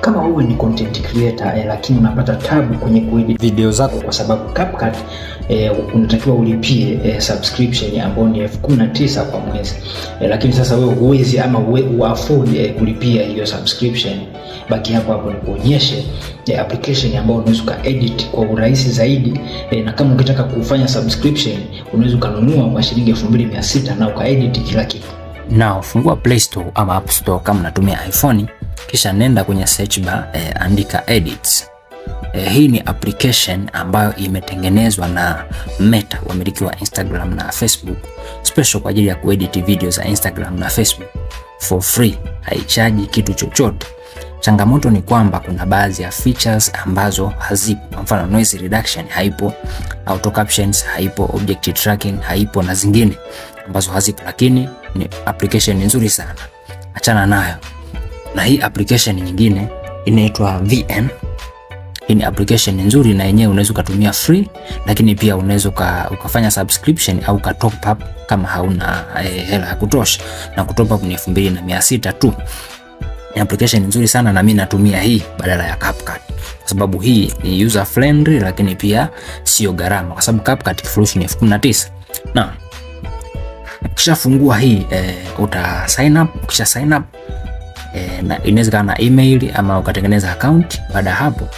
Kama uwe ni content creator eh, lakini unapata tabu kwenye kuedit video zako kwa sababu CapCut eh, unatakiwa ulipie eh, subscription ambayo ni elfu kumi na tisa kwa mwezi eh, lakini sasa wewe huwezi ama uafford eh, kulipia hiyo subscription, baki hapo hapo nikuonyeshe eh, application ambayo unaweza ukaedit kwa urahisi zaidi eh, na kama ukitaka kufanya subscription unaweza ukanunua kwa shilingi sita na ukaedit kila kitu. Now fungua Play Store ama App Store kama unatumia iPhone kisha nenda kwenye search bar e, andika edit. E, eh, hii ni application ambayo imetengenezwa na Meta, wamiliki wa Instagram na Facebook, special kwa ajili ya kuedit video za Instagram na Facebook for free, haichaji kitu chochote. Changamoto ni kwamba kuna baadhi ya features ambazo hazipo. Kwa mfano noise reduction haipo, auto captions haipo, object tracking haipo na zingine ambazo hazipo, lakini ni application nzuri sana, achana nayo na hii application nyingine inaitwa VN. Hii ni application nzuri na yenyewe unaweza ukatumia free, lakini pia unaweza ukafanya subscription au ka top up kama hauna eh, hela ya kutosha, na kutopa ni elfu mbili na mia sita tu. Ni application nzuri sana na mimi natumia hii badala ya CapCut kwa sababu hii ni user friendly, lakini pia sio gharama, kwa sababu CapCut kifurushi ni elfu kumi na tisa na ukishafungua hii eh, uta sign up. Kisha sign up e, na inawezekana na email ama ukatengeneza account. Baada hapo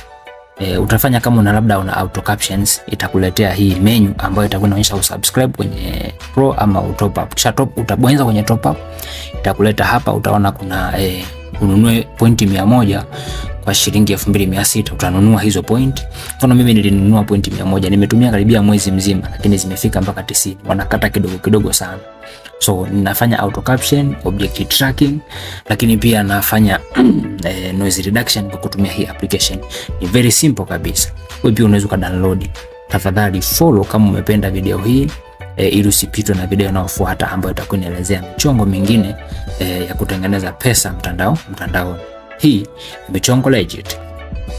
e, utafanya kama una labda una auto captions, itakuletea hii menu ambayo itakuwa inaonyesha usubscribe kwenye pro ama top up, kisha top utabonyeza kwenye top up, itakuleta hapa, utaona kuna e, ununue pointi mia moja kwa shilingi elfu mbili mia sita utanunua hizo point. Mfano mimi nilinunua point mia moja nimetumia karibia mwezi mzima, lakini zimefika mpaka tisini. Wanakata kidogo kidogo sana. So ninafanya auto caption, object tracking, lakini pia nafanya eh, noise reduction kwa kutumia hii application. Ni very simple kabisa. Wewe pia unaweza kudownload. Tafadhali follow kama umependa video hii e, ili usipitwe na video inayofuata ambayo itakuwa inaelezea michongo mingine e, ya kutengeneza pesa mtandao mtandao. Hii ni Michongo Legit.